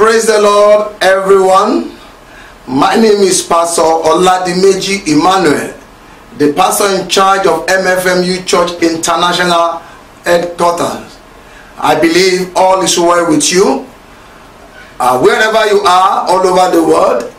Praise the Lord, everyone. My name is Pastor Oladimeji Emmanuel, the pastor in charge of MFMU Church International Headquarters. I believe all is well with you. Uh, wherever you are, all over the world,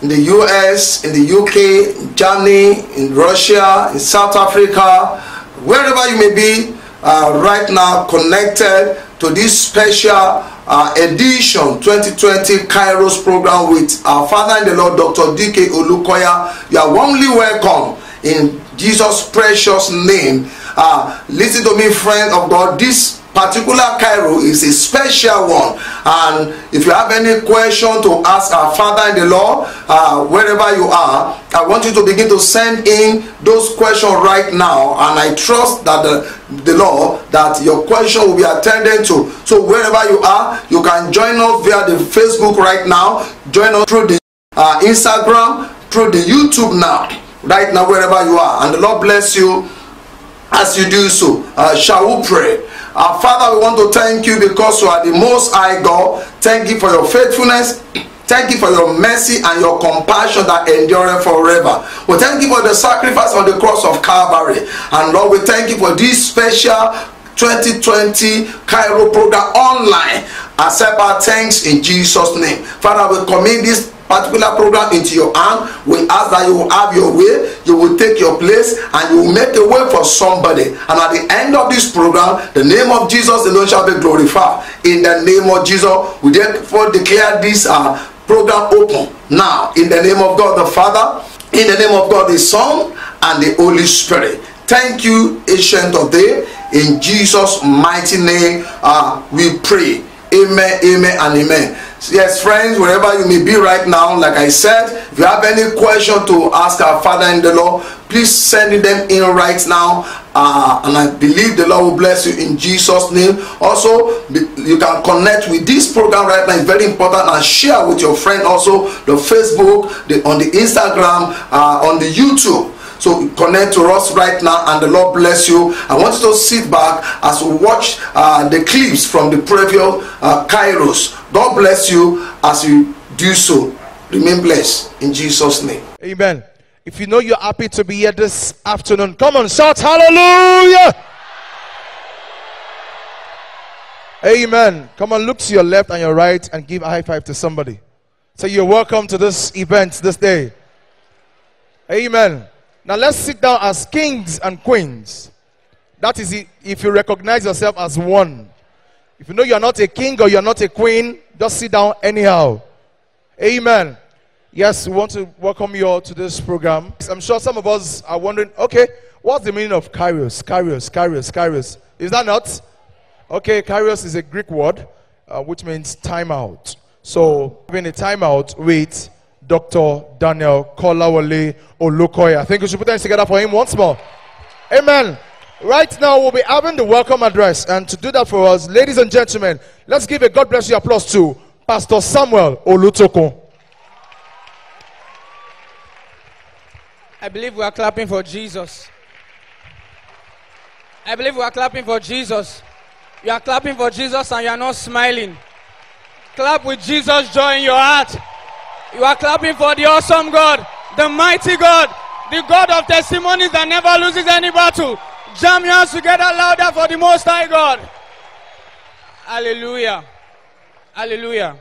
in the US, in the UK, in Germany, in Russia, in South Africa, wherever you may be uh, right now connected to this special uh, edition 2020 Kairos program with our father in the Lord, Dr. D.K. Olukoya. You are warmly welcome in Jesus' precious name. Uh, listen to me, friend of God. This particular Cairo is a special one and if you have any question to ask our father in the law uh, wherever you are I want you to begin to send in those questions right now and I trust that the, the law that your question will be attended to so wherever you are you can join us via the Facebook right now join us through the uh, Instagram through the YouTube now right now wherever you are and the Lord bless you as you do so, uh, shall we pray? Our uh, Father, we want to thank you because you are the most high God. Thank you for your faithfulness. Thank you for your mercy and your compassion that endure forever. We thank you for the sacrifice on the cross of Calvary. And Lord, we thank you for this special 2020 Cairo program online. Accept our thanks in Jesus' name. Father, we commit this particular program into your hand we ask that you will have your way you will take your place and you will make a way for somebody and at the end of this program the name of jesus alone shall be glorified in the name of jesus we therefore declare this uh, program open now in the name of god the father in the name of god the son and the holy spirit thank you ancient of day in jesus mighty name uh, we pray amen amen and amen yes friends wherever you may be right now like i said if you have any question to ask our father in the Law, please send them in right now uh, and i believe the lord will bless you in jesus name also you can connect with this program right now it's very important and share with your friend also the facebook the on the instagram uh, on the youtube So connect to us right now and the Lord bless you. I want you to sit back as we watch uh, the clips from the previous uh, Kairos. God bless you as you do so. Remain blessed in Jesus' name. Amen. If you know you're happy to be here this afternoon, come on, shout hallelujah! Amen. Come on, look to your left and your right and give a high five to somebody. Say, You're welcome to this event this day. Amen. Now let's sit down as kings and queens. That is if you recognize yourself as one. If you know you're not a king or you're not a queen, just sit down anyhow. Amen. Yes, we want to welcome you all to this program. I'm sure some of us are wondering, okay, what's the meaning of Kyrios? Kyrios, Kyrios, Kyrios. Is that not? Okay, Kyrios is a Greek word uh, which means timeout. So, having a timeout Wait. Dr. Daniel Kolawole Olukoya. I think we should put hands together for him once more. Amen. Right now, we'll be having the welcome address. And to do that for us, ladies and gentlemen, let's give a God bless you applause to Pastor Samuel Olutokun. I believe we are clapping for Jesus. I believe we are clapping for Jesus. You are clapping for Jesus and you are not smiling. Clap with Jesus' joy in your heart. You are clapping for the awesome God, the mighty God, the God of testimonies that never loses any battle. Jam your hands together louder for the Most High God. Hallelujah. Hallelujah.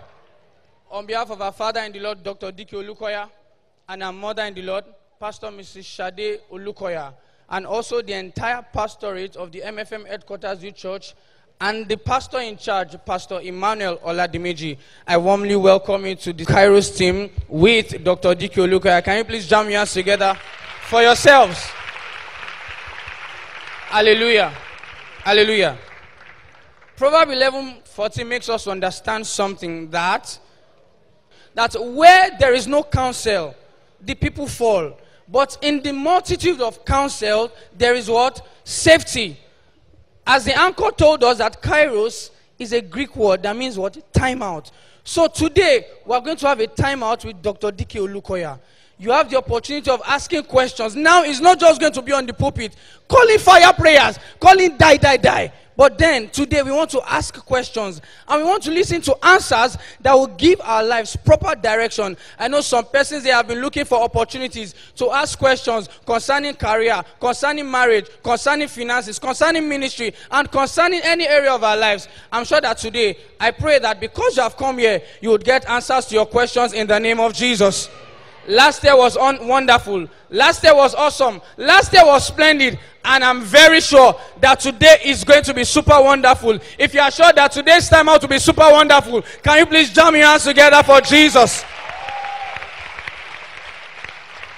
On behalf of our father in the Lord, Dr. Dike Olukoya, and our mother in the Lord, Pastor Mrs. Shade Olukoya, and also the entire pastorate of the MFM Headquarters Youth Church, and the pastor in charge, Pastor Emmanuel Oladimeji, I warmly welcome you to the Kairos team with Dr. Dikio Luka. Can you please jam your hands together for yourselves? Hallelujah. Hallelujah. 11 11:40 makes us understand something that that where there is no counsel, the people fall. But in the multitude of counsel, there is what? Safety. As the anchor told us that kairos is a Greek word that means what? Timeout. So today, we're going to have a timeout with Dr. Dike Olukoya. You have the opportunity of asking questions. Now, it's not just going to be on the pulpit, calling fire prayers, calling die, die, die. But then, today, we want to ask questions and we want to listen to answers that will give our lives proper direction. I know some persons, they have been looking for opportunities to ask questions concerning career, concerning marriage, concerning finances, concerning ministry, and concerning any area of our lives. I'm sure that today, I pray that because you have come here, you would get answers to your questions in the name of Jesus. Last year was un- wonderful. Last year was awesome. Last year was splendid. And I'm very sure that today is going to be super wonderful. If you are sure that today's time out will be super wonderful, can you please jam your hands together for Jesus?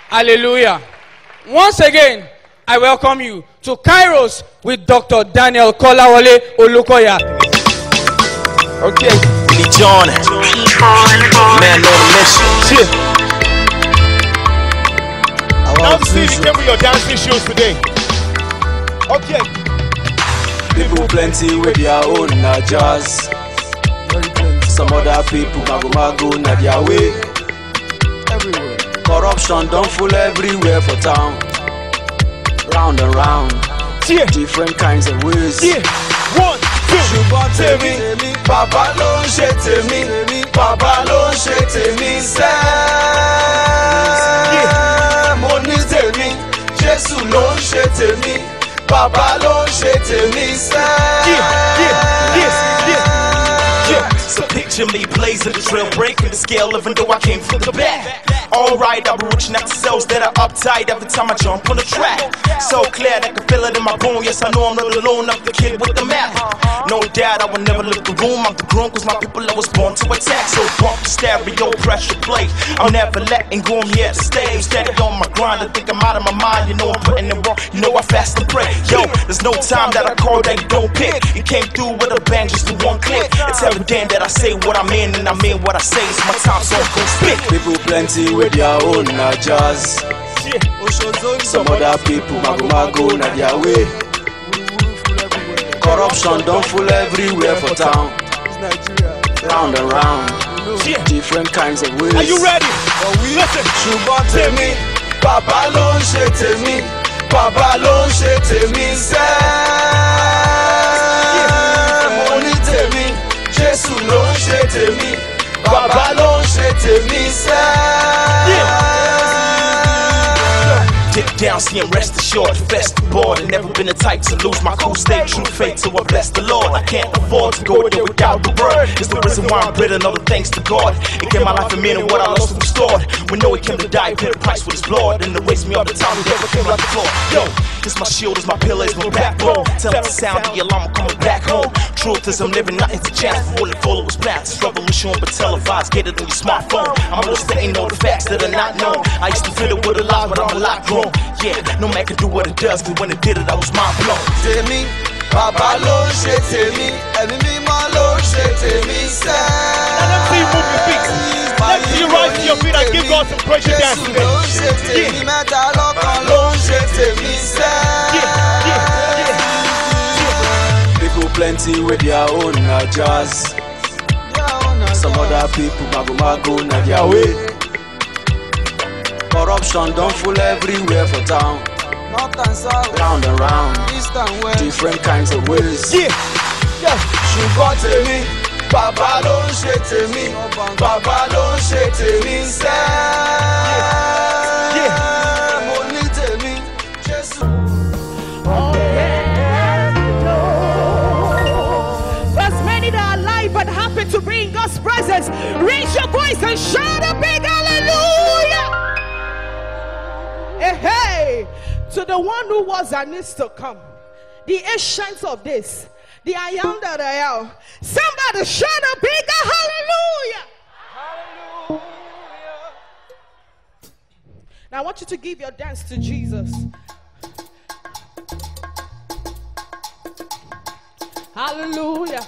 Hallelujah. Once again, I welcome you to Kairos with Dr. Daniel Kolawole Olukoya. Okay. Be John. Man on a mission. Now seeing you came with your dancing shoes today. Okay. People plenty with their own na jazz. Some other people mago mago na their way. Everywhere. Corruption don full everywhere for town. Round and round. Yeah. Different kinds of ways. Yeah. One, two. Ṣùgbọ́n tèmi, bàbá ló ń ṣe tèmi, bàbá ló ń ṣe tèmi Jésù ló ń ṣe tèmi bàbá ló ń ṣe tèmi sẹ́ẹ̀. So picture me blazing the trail, breaking the scale, even though I came from the back. Alright, I be reaching out to cells that are uptight every time I jump on the track. So clear that I can feel it in my bone. Yes, I know I'm not alone. I'm the kid with the map. No doubt, I will never leave the room. I'm the groom, cause my people I was born to attack. So bump the stereo, pressure plate. I'm never letting go, I'm here to stay. steady on my grind. I think I'm out of my mind. You know I'm putting it work. You know I fast and pray. Yo, there's no time that I call that you don't pick. It came through with a bang, just in one click. It's every damn that I say what I mean, and I mean what I say. It's my time, so I'm gonna speak. People plenty with their own na jazz. Some other people mago-mago na their way. Corruption don't fool everywhere for town. Round and round, different kinds of ways. Are you ready? Listen. Ṣùgbọ́n tèmi, bàbá ló ń ṣe tèmi, bàbá ló ń ṣe tèmi sẹ́ẹ̀. Mo ní tèmi, Jésù ló ń ṣe tèmi, bàbá ló ń ṣe tèmi sẹ́ẹ̀. Dip down, see him rest assured. Fest the board, and never been the type to lose my cool state. True faith, so I bless the Lord. I can't afford to go there without the word. It's the reason why I'm bread all the thanks to God. It gave my life a meaning, what I lost restored. When no one came to die, paid the price with his blood. And the waste me all the time, never came like the Lord. Yo, it's my shield, it's my pillar, it's my backbone. Tell to sound, the alarm, I'm coming back home. Truth is, I'm living, nothing's to chance. Full and the follow was plans. revolution, but televised, get it on your smartphone. I'm listening, know the facts that are not known. I used to fit it with a lot, but I'm a lot grown room. Yeah, no man can do what it does, cause when it did it, I was mind blown. Tèmi, bàbá ló ń ṣe tèmi, ẹ̀mí mímọ́ ló ń ṣe Now let's see who you speak. Let's see you rise to your feet and give God some praise and dance today. Jésù ló ń ṣe tèmi, mẹ́ta tèmi sẹ́. Yeah, yeah, yeah. People plenty with their own na Some other people babu mago na their way. Corruption don't fool everywhere for town. North and south, round and round, east and west, different kinds of ways. Yeah, yeah. Ṣùgbọ́n tèmi, bàbá ló ń ṣe tèmi, bàbá ló ń ṣe tèmi me, Mo ní tèmi, Jésù. There's many that are alive but happy to bring God's presence. Raise your voice and shout a big hallelujah. to the one who was and needs to come, the ancients of this, the I am that I am. Somebody shout a bigger hallelujah. Hallelujah. Now I want you to give your dance to Jesus. Hallelujah.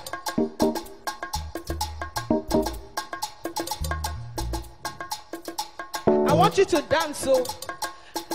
I want you to dance so. Oh.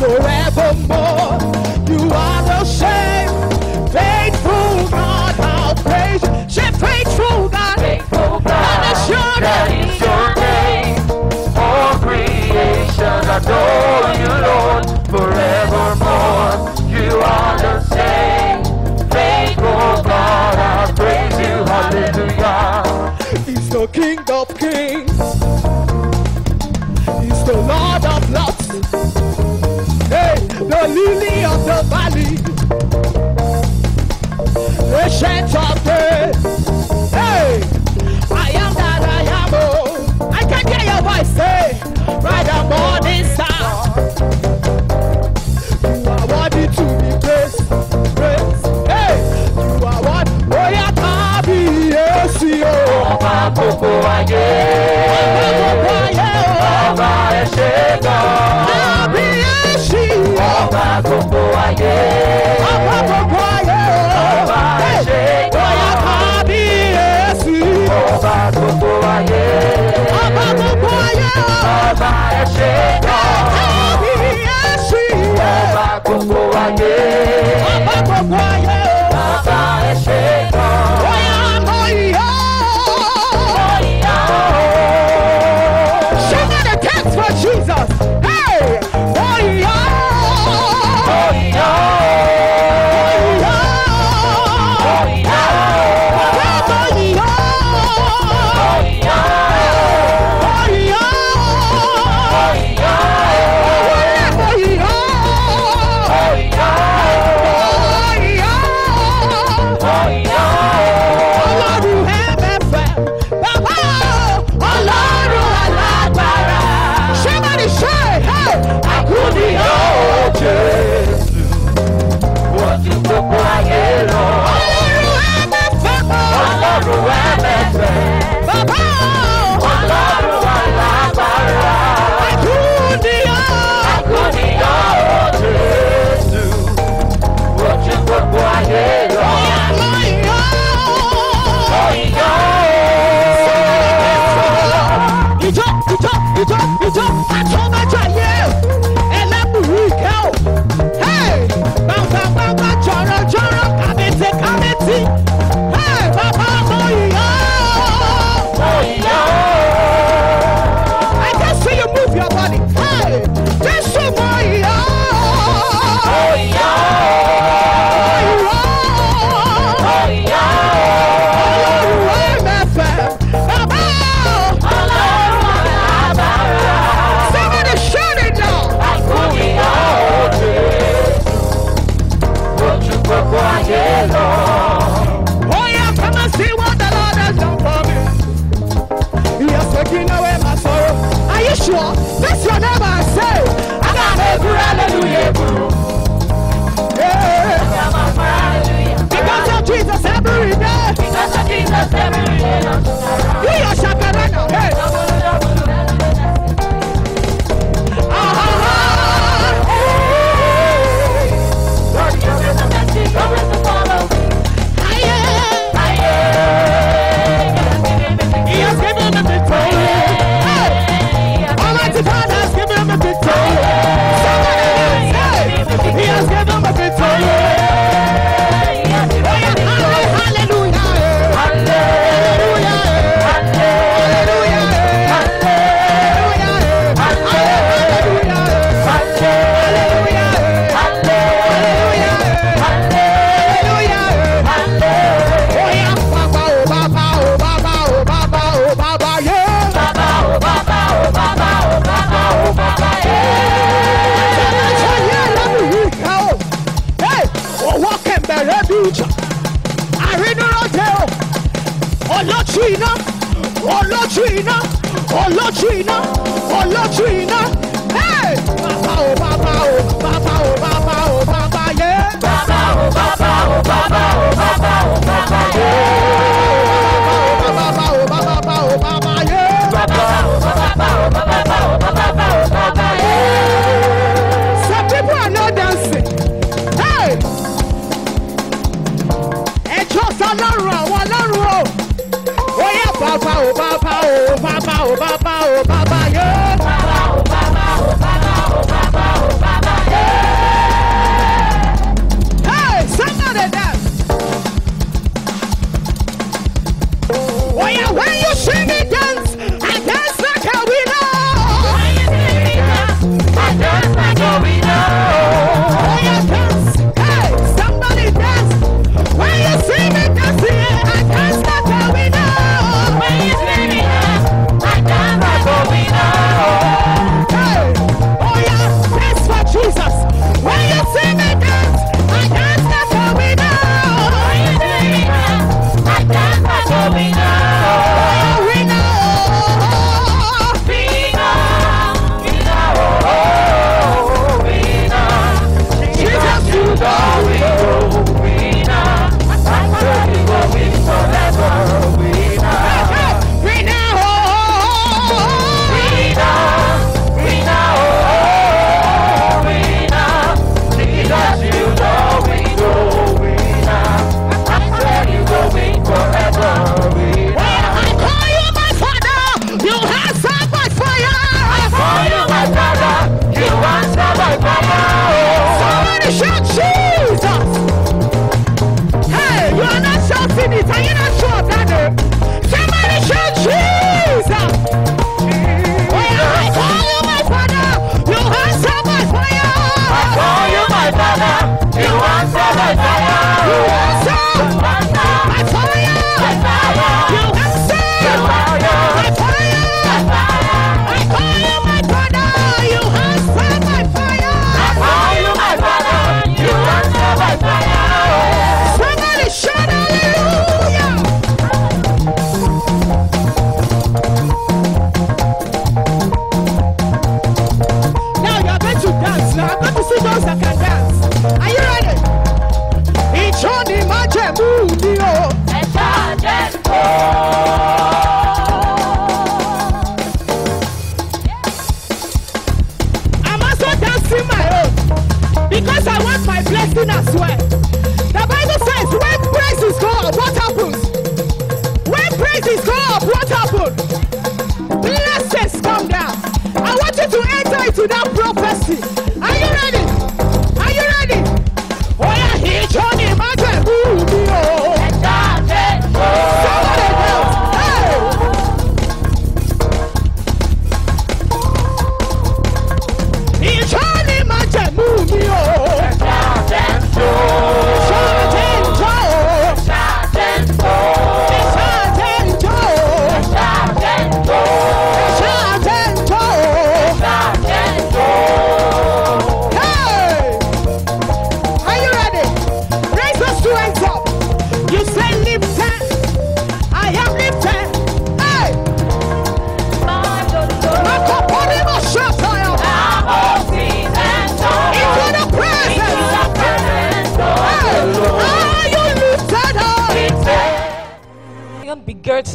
forever. àkókò ajé. àkókò ayé o. ọba ẹ ṣe gan. àbí ẹ ṣì. ọba àkókò ajé. ọba. Yeah. Olójúiná Olójúiná Olójúiná.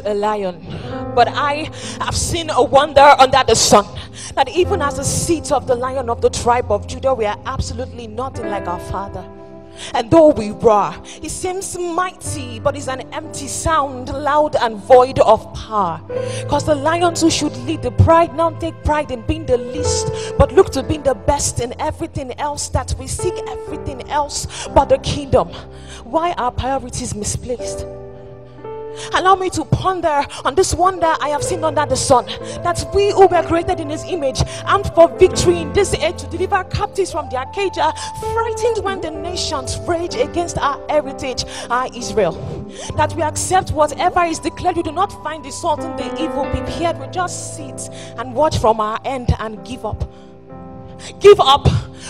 a lion, but I have seen a wonder under the sun. That even as the seat of the lion of the tribe of Judah, we are absolutely nothing like our father. And though we roar, he seems mighty, but is an empty sound, loud and void of power. Because the lions who should lead the pride now take pride in being the least, but look to being the best in everything else that we seek, everything else but the kingdom. Why are priorities misplaced? Allow me to ponder on this wonder I have seen under the sun that we who were created in his image, armed for victory in this age to deliver captives from their cage, frightened when the nations rage against our heritage, our Israel. That we accept whatever is declared, we do not find the salt in the evil prepared, we just sit and watch from our end and give up give up.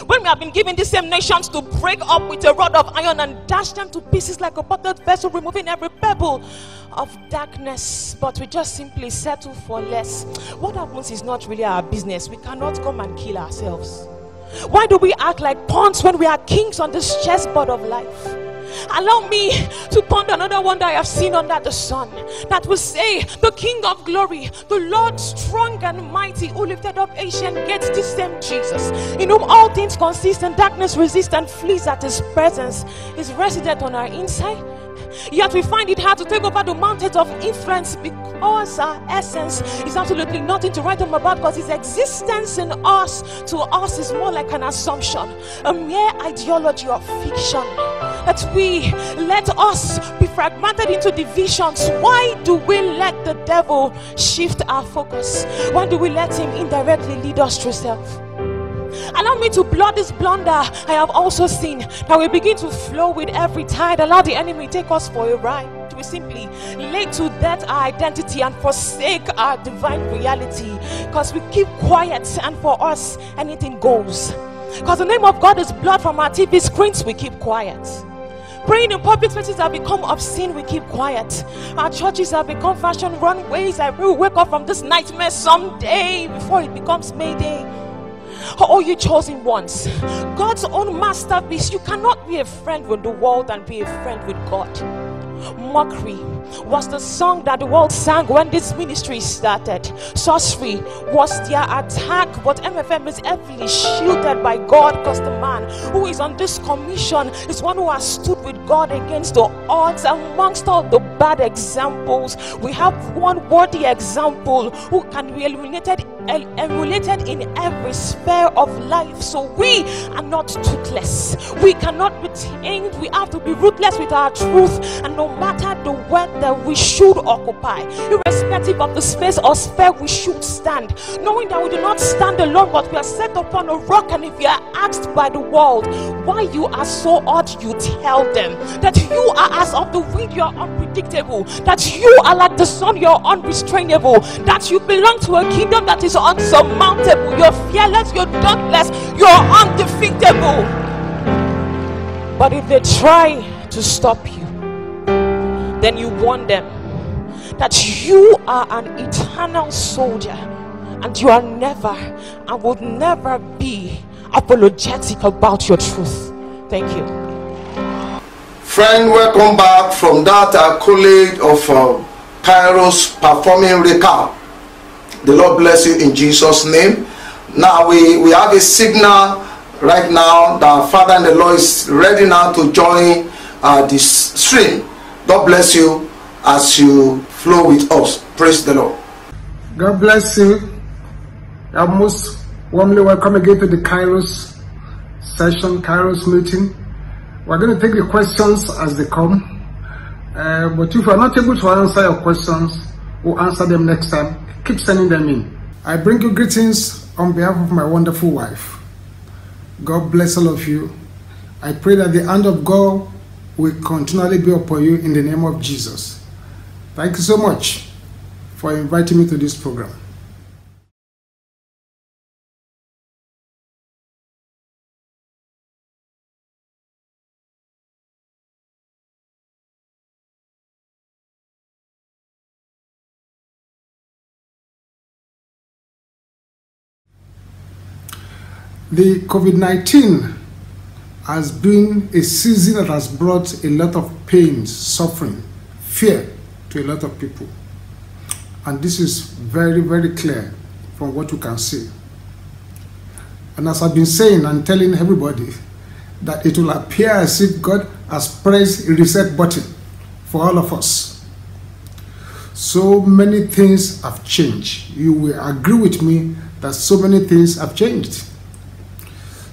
When we have been given the same nations to break up with a rod of iron and dash them to pieces like a battered vessel, removing every pebble of darkness, but we just simply settle for less. What happens is not really our business. We cannot come and kill ourselves. Why do we act like pawns when we are kings on this chessboard of life? Allow me to ponder another one that I have seen under the sun that will say, The King of glory, the Lord strong and mighty, who lifted up ancient gates, this same Jesus, in whom all things consist and darkness resists and flees at his presence, is resident on our inside. Yet we find it hard to take over the mountains of influence because our essence is absolutely nothing to write them about because his existence in us to us is more like an assumption, a mere ideology of fiction that we let us be fragmented into divisions. Why do we let the devil shift our focus? Why do we let him indirectly lead us to self? Allow me to blot this blunder I have also seen that we begin to flow with every tide. Allow the enemy take us for a ride. We simply lay to death our identity and forsake our divine reality because we keep quiet, and for us, anything goes. Because the name of God is blood from our TV screens, we keep quiet. Praying in public spaces have become obscene. We keep quiet. Our churches have become fashion runways. I will wake up from this nightmare someday before it becomes Mayday. Oh, you chosen ones, God's own masterpiece. You cannot be a friend with the world and be a friend with God mockery was the song that the world sang when this ministry started. Sorcery was their attack, but MFM is heavily shielded by God because the man who is on this commission is one who has stood with God against the odds amongst all the bad examples. We have one worthy example who can be eliminated, emulated in every sphere of life. So we are not toothless. We cannot be tamed. We have to be ruthless with our truth. And no matter the word that we should occupy, irrespective of the space or sphere we should stand, knowing that we do not stand alone, but we are set upon a rock. And if you are asked by the world why you are so odd, you tell them that you are as of the wind, you are unpredictable unpredictable, that you are like the sun, you're unrestrainable, that you belong to a kingdom that is unsurmountable, you're fearless, you're dauntless, you're undefeatable. But if they try to stop you, then you warn them that you are an eternal soldier and you are never and would never be apologetic about your truth. Thank you. Friend, welcome back from that uh, college of uh, Kairos performing recap. The Lord bless you in Jesus' name. Now we, we have a signal right now that Father and the Lord is ready now to join uh, this stream. God bless you as you flow with us. Praise the Lord. God bless you. I most warmly welcome again to the Kairos session, Kairos meeting. We're going to take the questions as they come. Uh, but if we're not able to answer your questions, we'll answer them next time. Keep sending them in. I bring you greetings on behalf of my wonderful wife. God bless all of you. I pray that the hand of God will continually be upon you in the name of Jesus. Thank you so much for inviting me to this program. The COVID-19 has been a season that has brought a lot of pain, suffering, fear to a lot of people. And this is very, very clear from what you can see. And as I've been saying and telling everybody, that it will appear as if God has pressed a reset button for all of us. So many things have changed. You will agree with me that so many things have changed.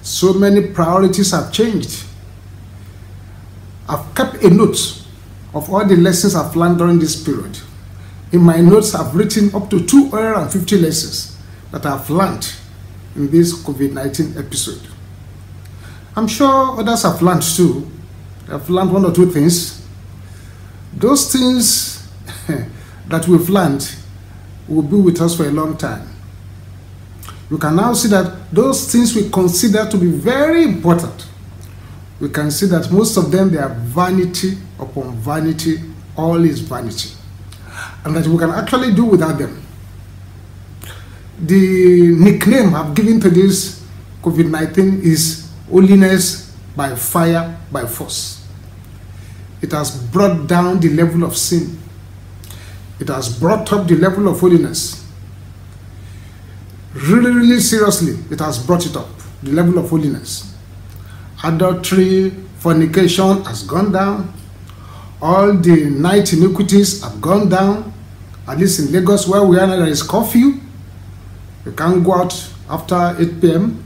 So many priorities have changed. I've kept a note of all the lessons I've learned during this period. In my notes, I've written up to 250 lessons that I've learned in this COVID-19 episode. I'm sure others have learned too. I've learned one or two things. Those things that we've learned will be with us for a long time you can now see that those things we consider to be very important, we can see that most of them, they are vanity upon vanity, all is vanity. And that we can actually do without them. The nickname I've given to this COVID-19 is holiness by fire, by force. It has brought down the level of sin. It has brought up the level of holiness really, really seriously, it has brought it up, the level of holiness. Adultery, fornication has gone down. All the night iniquities have gone down. At least in Lagos, where we are now, there is curfew. You can't go out after 8 p.m.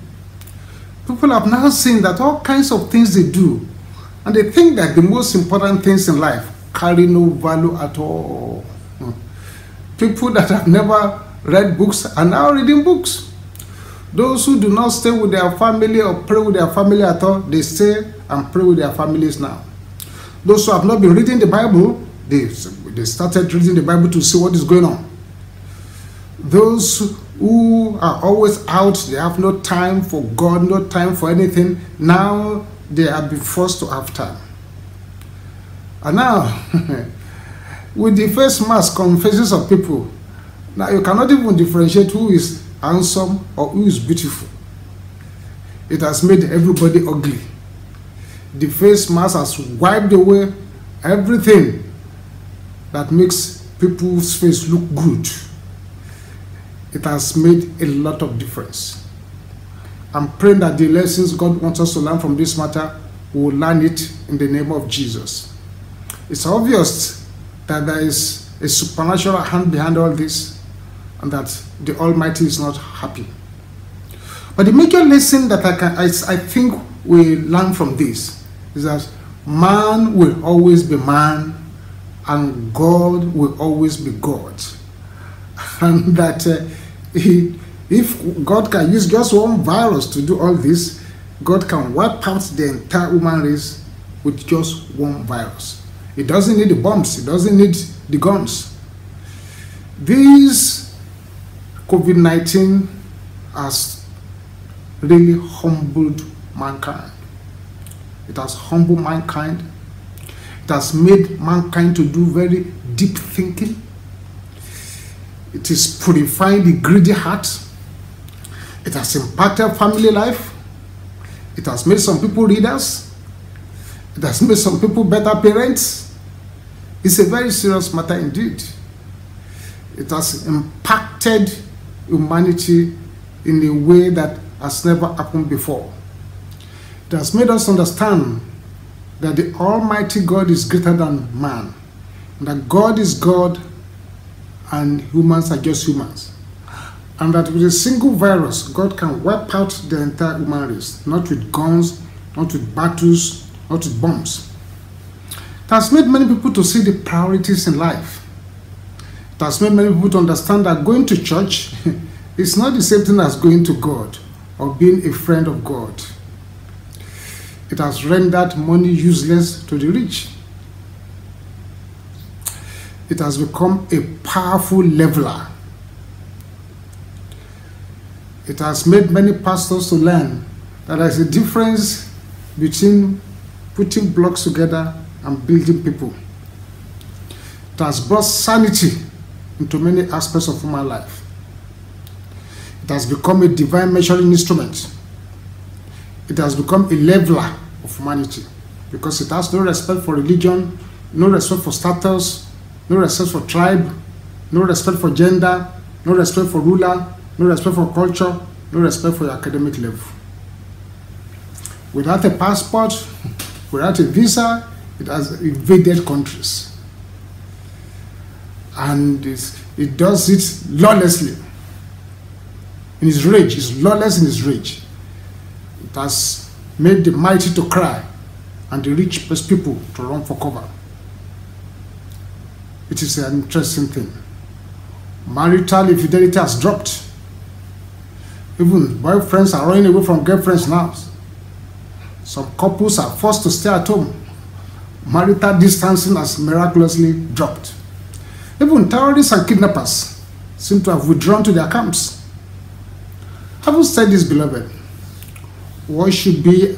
People have now seen that all kinds of things they do, and they think that the most important things in life carry no value at all. Hmm. People that have never read books and now reading books. Those who do not stay with their family or pray with their family at all, they stay and pray with their families now. Those who have not been reading the Bible, they, they started reading the Bible to see what is going on. Those who are always out, they have no time for God, no time for anything. Now they have been forced to have time. And now, with the face mask on faces of people, Now you cannot even differentiate who is handsome or who is beautiful. It has made everybody ugly. The face mask has wiped away everything that makes people's face look good. It has made a lot of difference. I'm praying that the lessons God wants us to learn from this matter, we will learn it in the name of Jesus. It's obvious that there is a supernatural hand behind all this and that the Almighty is not happy. But the major lesson that I, can, I, I think we learn from this is that man will always be man and God will always be God. And that uh, he, if God can use just one virus to do all this, God can wipe out the entire human race with just one virus. It doesn't need the bombs, it doesn't need the guns. These COVID-19 has really humbled mankind. It has humbled mankind. It has made mankind to do very deep thinking. It is purifying the greedy heart. It has impacted family life. It has made some people readers. It has made some people better parents. It's a very serious matter indeed. It has impacted humanity in a way that has never happened before. It has made us understand that the Almighty God is greater than man, that God is God and humans are just humans, and that with a single virus, God can wipe out the entire human race, not with guns, not with battles, not with bombs. It has made many people to see the priorities in life that's why many people don't understand that going to church is not the same thing as going to God or being a friend of God. It has rendered money useless to the rich. It has become a powerful leveler. It has made many pastors to learn that there is a difference between putting blocks together and building people. It has brought sanity into many aspects of human life. It has become a divine measuring instrument. It has become a leveler of humanity because it has no respect for religion, no respect for status, no respect for tribe, no respect for gender, no respect for ruler, no respect for culture, no respect for your academic level. Without a passport, without a visa, it has invaded countries. and he does it lawlessly. In his rage, he's lawless in his rage. It has made the mighty to cry and the rich people to run for cover. It is an interesting thing. Marital infidelity has dropped. Even boyfriends are running away from girlfriends now. Some couples are forced to stay at home. Marital distancing has miraculously dropped. Even terrorists and kidnappers seem to have withdrawn to their camps. Having said this, beloved, what should be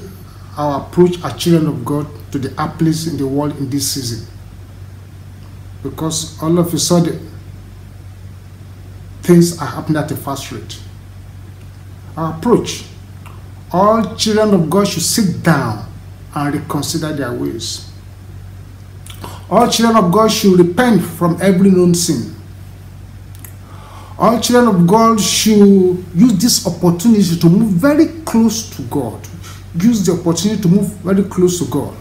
our approach as children of God to the uplands in the world in this season? Because all of a sudden, things are happening at a fast rate. Our approach all children of God should sit down and reconsider their ways. All children of God should repent from every known sin. All children of God should use this opportunity to move very close to God. Use the opportunity to move very close to God.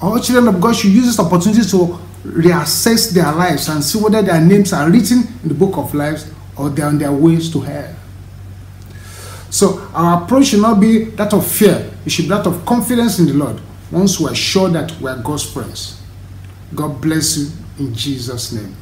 All children of God should use this opportunity to reassess their lives and see whether their names are written in the book of lives or they are on their ways to hell. So our approach should not be that of fear, it should be that of confidence in the Lord once we are sure that we are God's friends. God bless you in Jesus' name.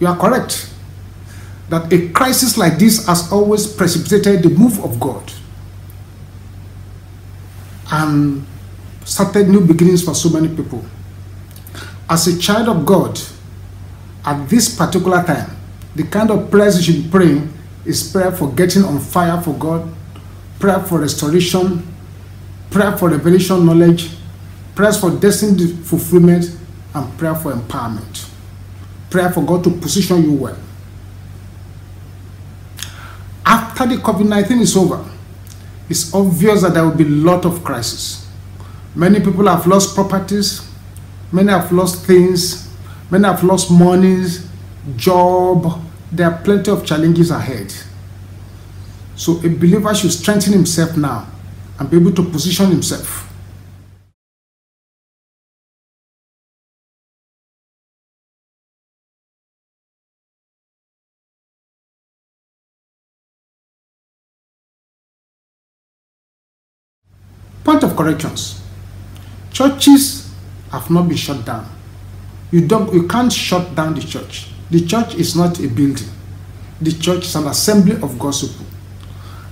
You are correct that a crisis like this has always precipitated the move of God and started new beginnings for so many people. As a child of God, at this particular time, the kind of prayers you should be praying is prayer for getting on fire for God, prayer for restoration, prayer for revelation knowledge, prayers for destiny fulfillment, and prayer for empowerment. Prayer for God to position you well. after the COVID-19 is over, it's obvious that there will be a lot of crisis. Many people have lost properties, many have lost things, many have lost monies, job. There are plenty of challenges ahead. So a believer should strengthen himself now and be able to position himself Point of corrections. Churches have not been shut down. You don't you can't shut down the church. The church is not a building. The church is an assembly of God's people.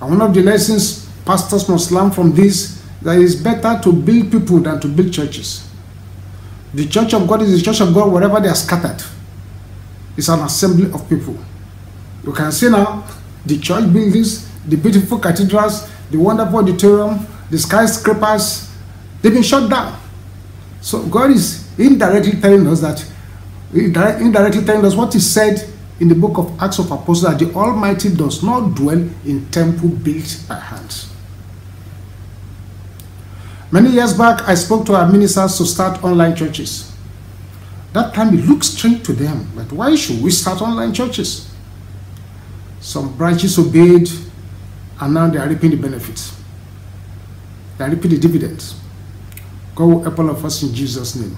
And one of the lessons pastors must learn from this that it's better to build people than to build churches. The church of God is the church of God wherever they are scattered. It's an assembly of people. You can see now the church buildings, the beautiful cathedrals, the wonderful auditorium, the skyscrapers, they've been shut down. So God is indirectly telling us that, indirectly telling us what is said in the book of Acts of Apostles that the Almighty does not dwell in temple built by hands. Many years back, I spoke to our ministers to start online churches. That time it looked strange to them, but why should we start online churches? Some branches obeyed, and now they are reaping the benefits that repeat the dividends. God will help all of us in Jesus' name.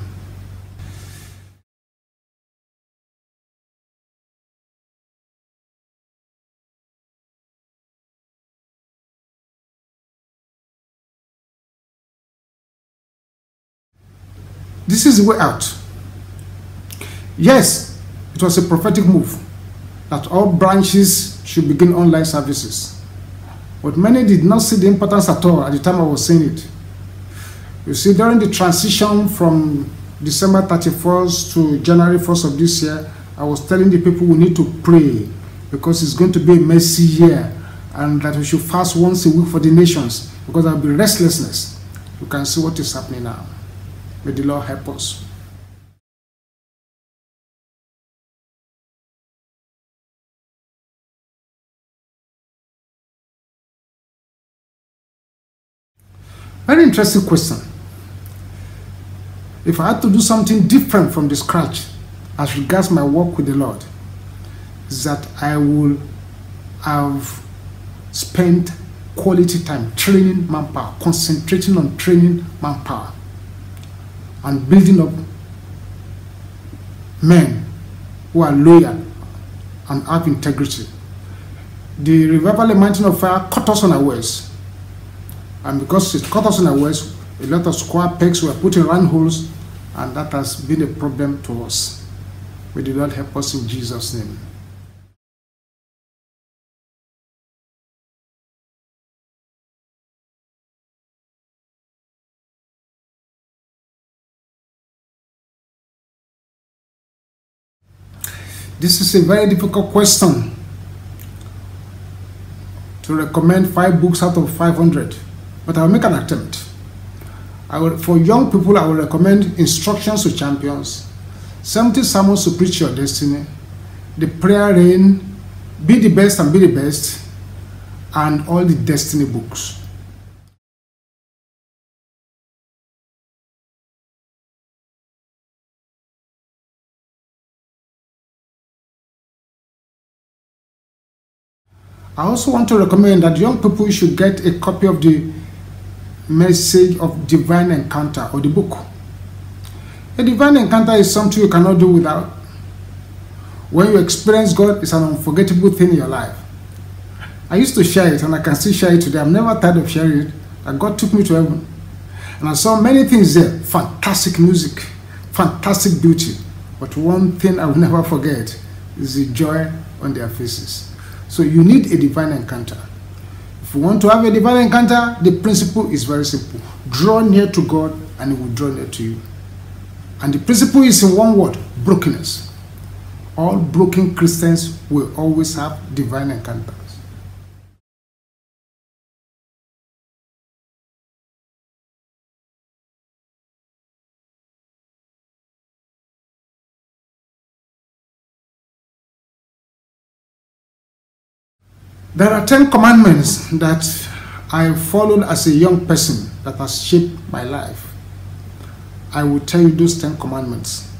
This is the way out. Yes, it was a prophetic move that all branches should begin online services. But many did not see the importance at all at the time I was saying it. You see, during the transition from December 31st to January 1st of this year, I was telling the people we need to pray because it's going to be a messy year and that we should fast once a week for the nations because there will be restlessness. You can see what is happening now. May the Lord help us. Very interesting question. If I had to do something different from the scratch as regards my work with the Lord, is that I will have spent quality time training manpower, concentrating on training manpower and building up men who are loyal and have integrity. The revival of Mountain of Fire caught us unawares and because it cut us in the west, a lot of square pegs were put in round holes, and that has been a problem to us. May the Lord help us in Jesus' name. This is a very difficult question to recommend five books out of 500 but I'll make an attempt. I will, for young people, I will recommend Instructions to Champions, 70 Sermons to Preach Your Destiny, The Prayer Rain, Be the Best and Be the Best, and all the Destiny books. I also want to recommend that young people should get a copy of the Message of Divine Encounter or the book. A divine encounter is something you cannot do without. When you experience God, it's an unforgettable thing in your life. I used to share it and I can still share it today. I'm never tired of sharing it. That God took me to heaven. And I saw many things there. Fantastic music, fantastic beauty. But one thing I will never forget is the joy on their faces. So you need a divine encounter you want to have a divine encounter, the principle is very simple. Draw near to God and he will draw near to you. And the principle is in one word, brokenness. All broken Christians will always have divine encounter. There are 10 commandments that I followed as a young person that has shaped my life. I will tell you those 10 commandments.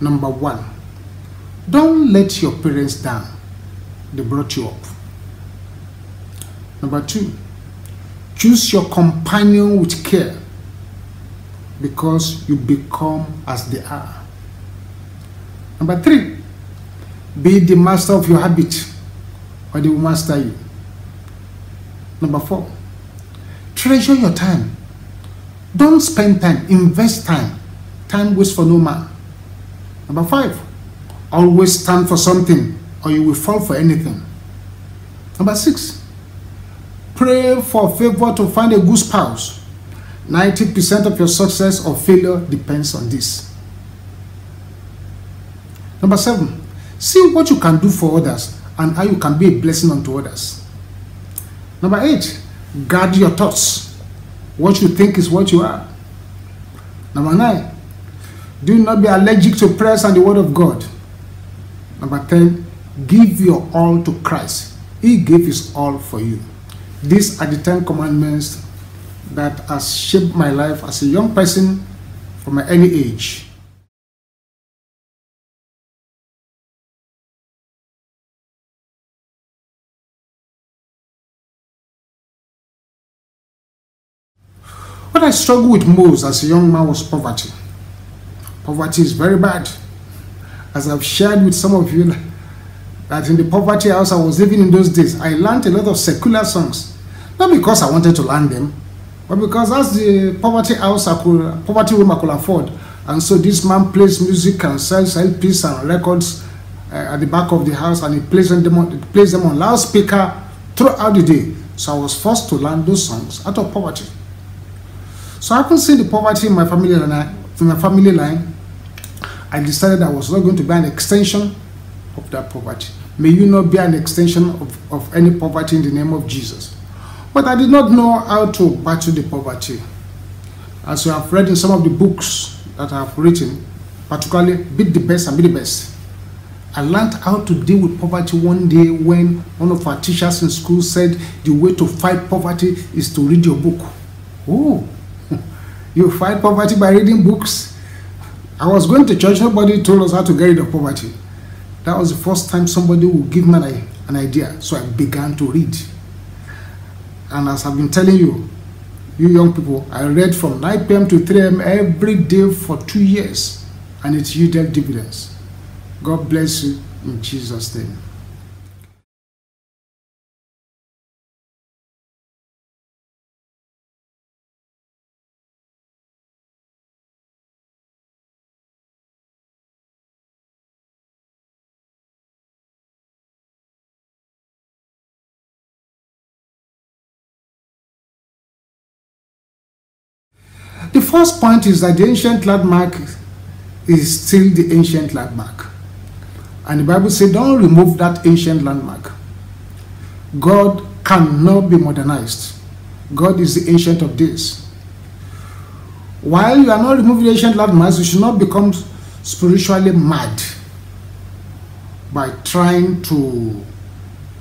Number one, don't let your parents down. They brought you up. Number two, choose your companion with care because you become as they are. Number three, be the master of your habit or they will master you. Number four, treasure your time. Don't spend time, invest time. Time waits for no man. Number five, always stand for something or you will fall for anything. Number six, pray for favor to find a good spouse. 90% of your success or failure depends on this. Number seven, see what you can do for others and how you can be a blessing unto others. Number eight, guard your thoughts. What you think is what you are. Number nine, do not be allergic to prayers and the word of God. Number 10, give your all to Christ. He gave his all for you. These are the 10 commandments that has shaped my life as a young person from my any age. What I struggled with most as a young man was poverty. Poverty is very bad. As I've shared with some of you, that in the poverty house I was living in those days, I learned a lot of secular songs. Not because I wanted to learn them, but because that's the poverty house I could, poverty room I could afford. And so this man plays music and sells LPs and records uh, at the back of the house and he plays them on, plays them on loudspeaker throughout the day. So I was forced to learn those songs out of poverty. So I have seen the poverty in my family line. my family line, I decided I was not going to be an extension of that poverty. May you not be an extension of, of any poverty in the name of Jesus. But I did not know how to battle the poverty. As you have read in some of the books that I have written, particularly Beat the Best and Be the Best, I learned how to deal with poverty one day when one of our teachers in school said the way to fight poverty is to read your book. Oh, you fight poverty by reading books. I was going to church, nobody told us how to get rid of poverty. That was the first time somebody would give me an, an idea. So I began to read. And as I've been telling you, you young people, I read from 9 p.m. to 3 a.m. every day for two years, and it yielded dividends. God bless you in Jesus' name. The first point is that the ancient landmark is still the ancient landmark. And the Bible says, don't remove that ancient landmark. God cannot be modernized. God is the ancient of days. While you are not removing ancient landmarks, you should not become spiritually mad by trying to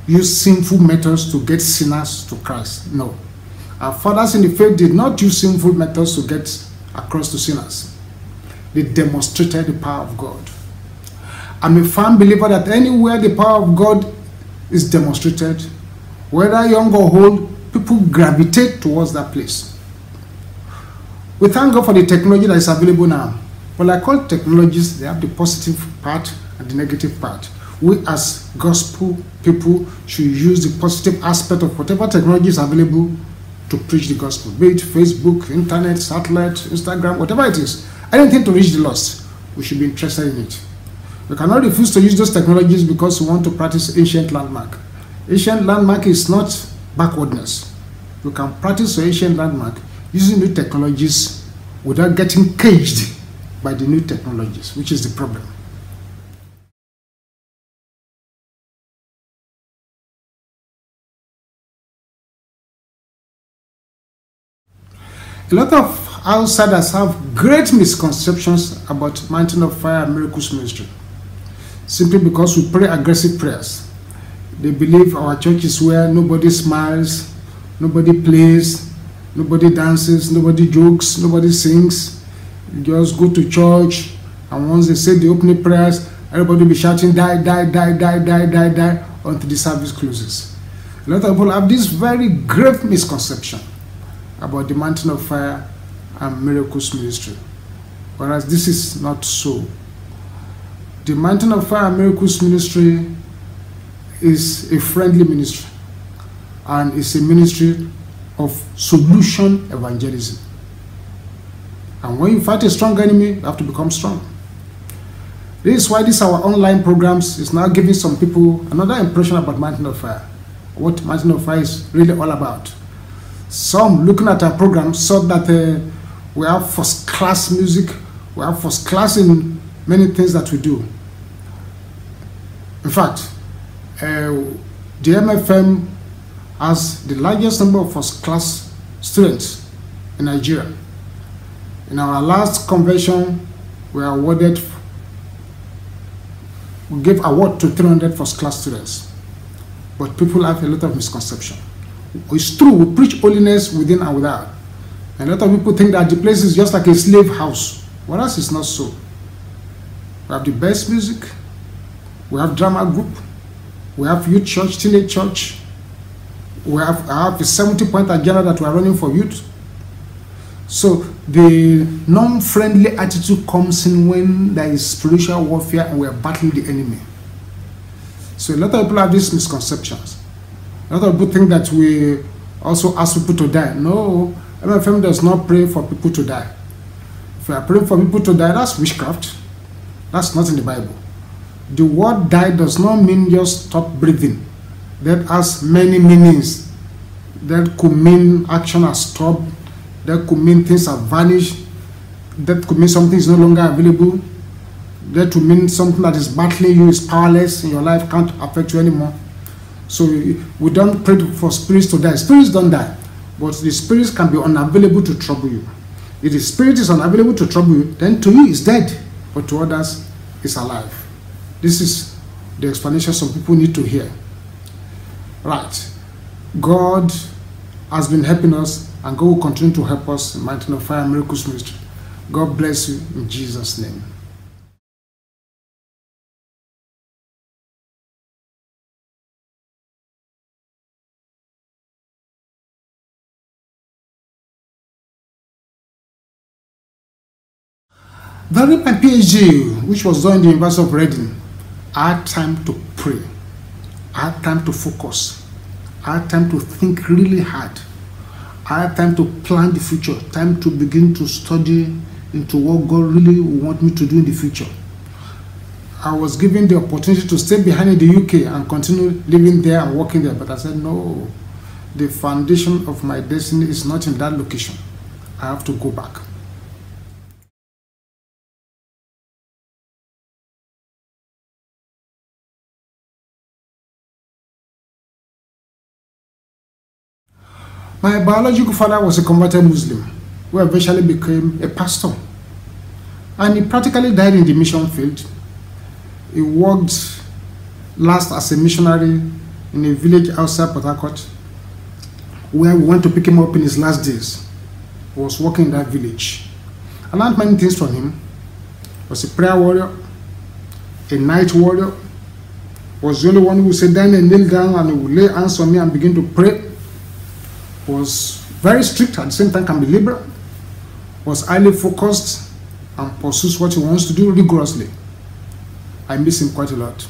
use sinful methods to get sinners to Christ. No. Our fathers in the faith did not use sinful methods to get across to sinners. They demonstrated the power of God. I'm a firm believer that anywhere the power of God is demonstrated, whether young or old, people gravitate towards that place. We thank God for the technology that is available now. Well, I call technologies, they have the positive part and the negative part. We as gospel people should use the positive aspect of whatever technology is available to preach the gospel, be it Facebook, internet, satellite, Instagram, whatever it is, anything to reach the lost, we should be interested in it. We cannot refuse to use those technologies because we want to practice ancient landmark. Ancient landmark is not backwardness. We can practice ancient landmark using new technologies without getting caged by the new technologies, which is the problem. A lot of outsiders have great misconceptions about Mountain of Fire and Miracles Ministry simply because we pray aggressive prayers. They believe our church is where nobody smiles, nobody plays, nobody dances, nobody jokes, nobody sings. You just go to church, and once they say the opening prayers, everybody will be shouting, die, die, die, die, die, die, die, until the service closes. A lot of people have this very grave misconception about the mountain of fire and miracles ministry. Whereas this is not so. The mountain of fire and miracles ministry is a friendly ministry and it's a ministry of solution evangelism. And when you fight a strong enemy, you have to become strong. This is why these our online programs is now giving some people another impression about Mountain of Fire, what Mountain of Fire is really all about some looking at our program saw that uh, we have first class music, we have first class in many things that we do. In fact, uh, the MFM has the largest number of first class students in Nigeria. In our last convention, we awarded, we gave award to 300 first class students. But people have a lot of misconception It's true, we preach holiness within and without. And a lot of people think that the place is just like a slave house. Whereas it's not so. We have the best music, we have drama group, we have youth church, teenage church, we have, I have a 70 point agenda that we are running for youth. So the non-friendly attitude comes in when there is spiritual warfare and we are battling the enemy. So a lot of people have these misconceptions. Another good thing that we also ask people to die. No, MFM does not pray for people to die. If you are praying for people to die, that's witchcraft. That's not in the Bible. The word die does not mean just stop breathing. That has many meanings. That could mean action has stopped. That could mean things have vanished. That could mean something is no longer available. That could mean something that is battling you is powerless in your life, can't affect you anymore. So we, we don't pray for spirits to die. Spirits don't die, but the spirits can be unavailable to trouble you. If the spirit is unavailable to trouble you, then to you it's dead, but to others it's alive. This is the explanation some people need to hear. Right. God has been helping us and God will continue to help us in Mountain of Fire Miracles Ministry. God bless you in Jesus' name. During my PhD, which was done in the University of Reading, I had time to pray. I had time to focus. I had time to think really hard. I had time to plan the future, time to begin to study into what God really want me to do in the future. I was given the opportunity to stay behind in the UK and continue living there and working there, but I said, no, the foundation of my destiny is not in that location. I have to go back. My biological father was a converted Muslim who eventually became a pastor. And he practically died in the mission field. He worked last as a missionary in a village outside Port Harcourt where we went to pick him up in his last days. He was working in that village. I learned many things from him. He was a prayer warrior, a night warrior, was the only one who would sit down and kneel down and he would lay hands on me and begin to pray was very strict at the same time can be liberal, was highly focused and pursues what he wants to do rigorously. I miss him quite a lot.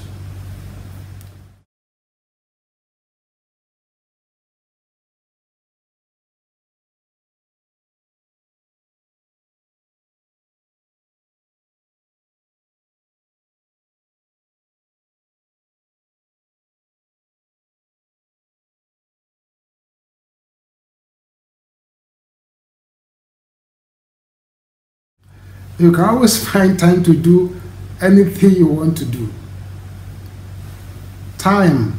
You can always find time to do anything you want to do. Time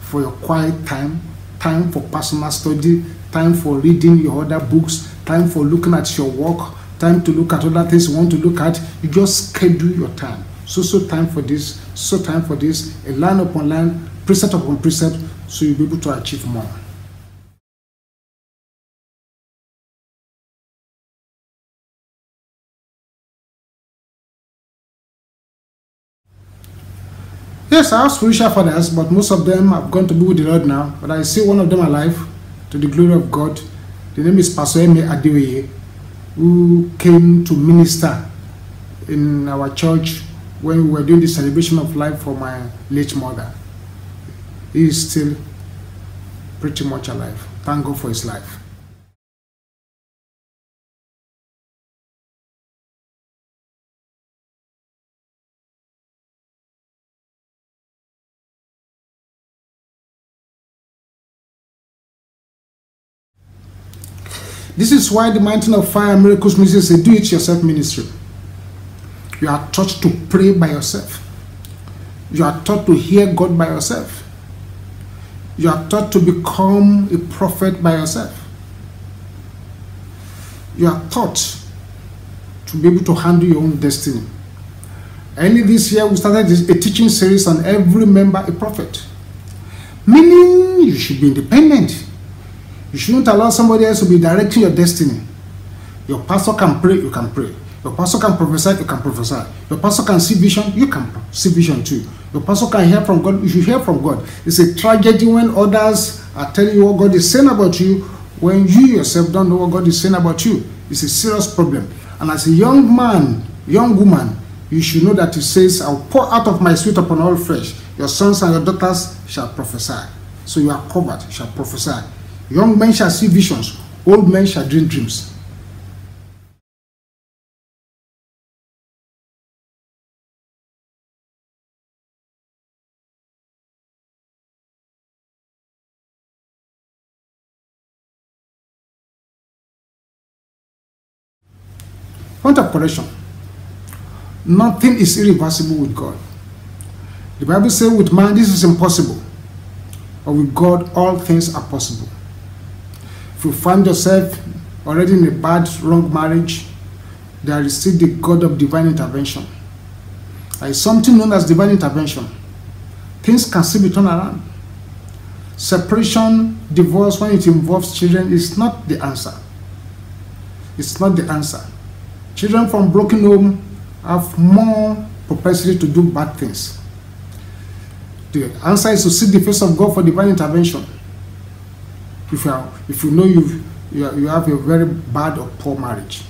for your quiet time, time for personal study, time for reading your other books, time for looking at your work, time to look at other things you want to look at. You just schedule your time. So, so time for this, so time for this, a line upon line, precept upon precept, so you'll be able to achieve more. Yes, I have spiritual fathers, but most of them have gone to be with the Lord now. But I see one of them alive to the glory of God. The name is Pastor Eme Adeweye, who came to minister in our church when we were doing the celebration of life for my late mother. He is still pretty much alive. Thank God for his life. This is why the Mountain of Fire Miracles Ministry is a do it yourself ministry. You are taught to pray by yourself. You are taught to hear God by yourself. You are taught to become a prophet by yourself. You are taught to be able to handle your own destiny. Early this year, we started a teaching series on every member a prophet, meaning you should be independent you shouldn't allow somebody else to be directing your destiny. Your pastor can pray, you can pray. Your pastor can prophesy, you can prophesy. Your pastor can see vision, you can see vision too. Your pastor can hear from God, you should hear from God. It's a tragedy when others are telling you what God is saying about you when you yourself don't know what God is saying about you. It's a serious problem. And as a young man, young woman, you should know that it says, I'll pour out of my sweat upon all flesh. Your sons and your daughters shall prophesy. So you are covered, shall prophesy. Young men shall see visions, old men shall dream dreams. Point of correction. Nothing is irreversible with God. The Bible says with man this is impossible, but with God all things are possible. If you find yourself already in a bad, wrong marriage, there is still the God of divine intervention. There is something known as divine intervention. Things can still be turned around. Separation, divorce, when it involves children, is not the answer. It's not the answer. Children from broken home have more propensity to do bad things. The answer is to seek the face of God for divine intervention if you, are, if you know you you have a very bad or poor marriage.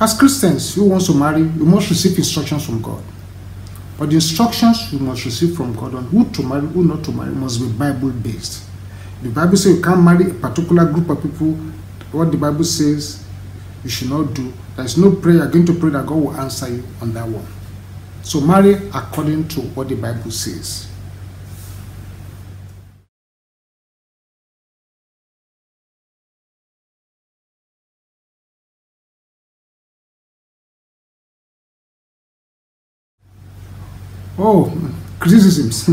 As Christians who want to marry, you must receive instructions from God. But the instructions you must receive from God on who to marry, who not to marry, must be Bible based. The Bible says you can't marry a particular group of people. What the Bible says you should not do. There is no prayer going to pray that God will answer you on that one. So marry according to what the Bible says. Oh, criticisms.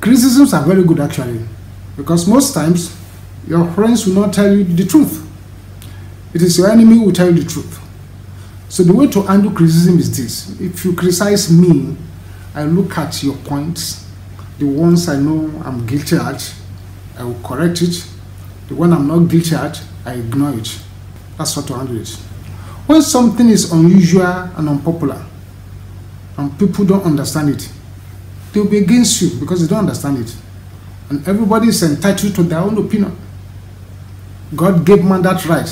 criticisms are very good actually, because most times your friends will not tell you the truth. It is your enemy who will tell you the truth. So the way to handle criticism is this. If you criticize me, I look at your points. The ones I know I'm guilty at, I will correct it. The one I'm not guilty at, I ignore it. That's how to handle it. When something is unusual and unpopular, and people don't understand it. They'll be against you because they don't understand it. And everybody is entitled to their own opinion. God gave man that right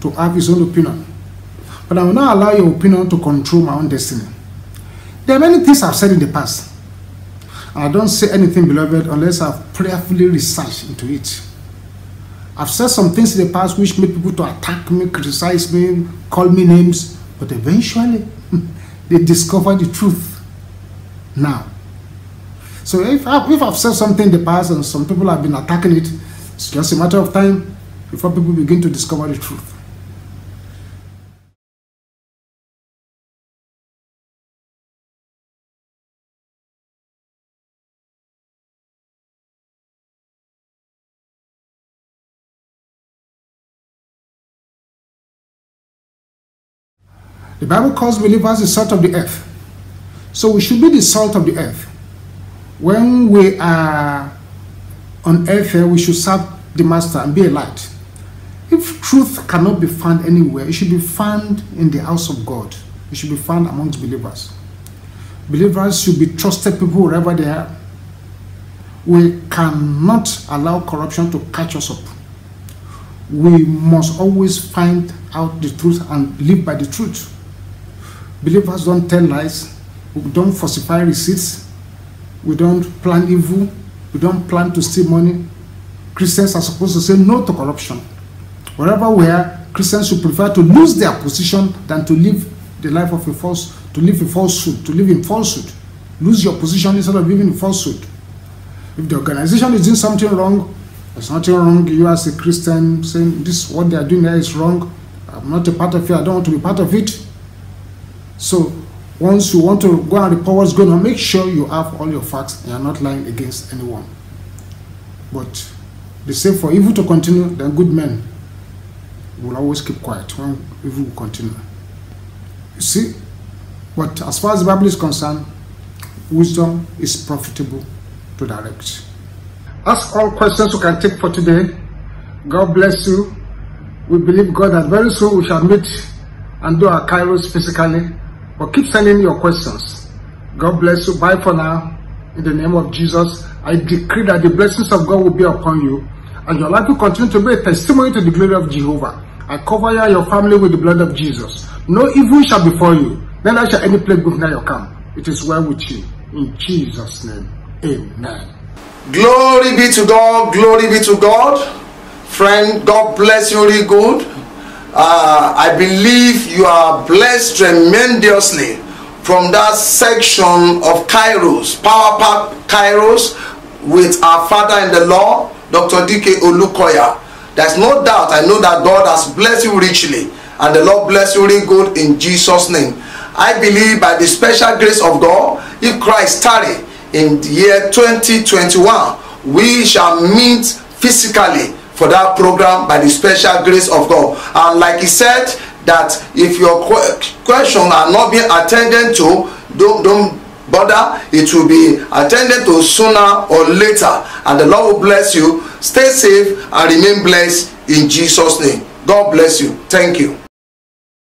to have his own opinion. But I will not allow your opinion to control my own destiny. There are many things I've said in the past. And I don't say anything, beloved, unless I've prayerfully researched into it. I've said some things in the past which made people to attack me, criticize me, call me names, but eventually they discover the truth now. So if, I, if I've said something in the past and some people have been attacking it, it's just a matter of time before people begin to discover the truth. The Bible calls believers the salt of the earth. So we should be the salt of the earth. When we are on earth here, we should serve the master and be a light. If truth cannot be found anywhere, it should be found in the house of God. It should be found amongst believers. Believers should be trusted people wherever they are. We cannot allow corruption to catch us up. We must always find out the truth and live by the truth. Believers don't tell lies. We don't falsify receipts. We don't plan evil. We don't plan to steal money. Christians are supposed to say no to corruption. Wherever we are, Christians should prefer to lose their position than to live the life of a false, to live a falsehood, to live in falsehood. Lose your position instead of living in falsehood. If the organization is doing something wrong, there's nothing wrong. You as a Christian saying this, what they are doing there is wrong. I'm not a part of it. I don't want to be part of it. So once you want to go and report what's going on, make sure you have all your facts and you're not lying against anyone. But the same for evil to continue, then good men will always keep quiet when evil will continue. You see? But as far as the Bible is concerned, wisdom is profitable to direct. Ask all questions you can take for today. God bless you. We believe God that very soon we shall meet and do our kairos physically but keep sending your questions. God bless you. Bye for now. In the name of Jesus, I decree that the blessings of God will be upon you and your life will continue to be a testimony to the glory of Jehovah. I cover you and your family with the blood of Jesus. No evil shall befall you, neither shall any plague befall your camp. It is well with you. In Jesus' name, amen. Glory be to God, glory be to God. Friend, God bless you really good. uh, I believe you are blessed tremendously from that section of Kairos, Power Park, Kairos, with our father in the law, Dr. D.K. Olukoya. There's no doubt, I know that God has blessed you richly, and the Lord bless you really good in Jesus' name. I believe by the special grace of God, if Christ tarry in the year 2021, we shall meet physically for that program by the special grace of God. And like he said, that if your que questions are not being attended to, don't, don't bother. It will be attended to sooner or later. And the Lord will bless you. Stay safe and remain blessed in Jesus' name. God bless you. Thank you.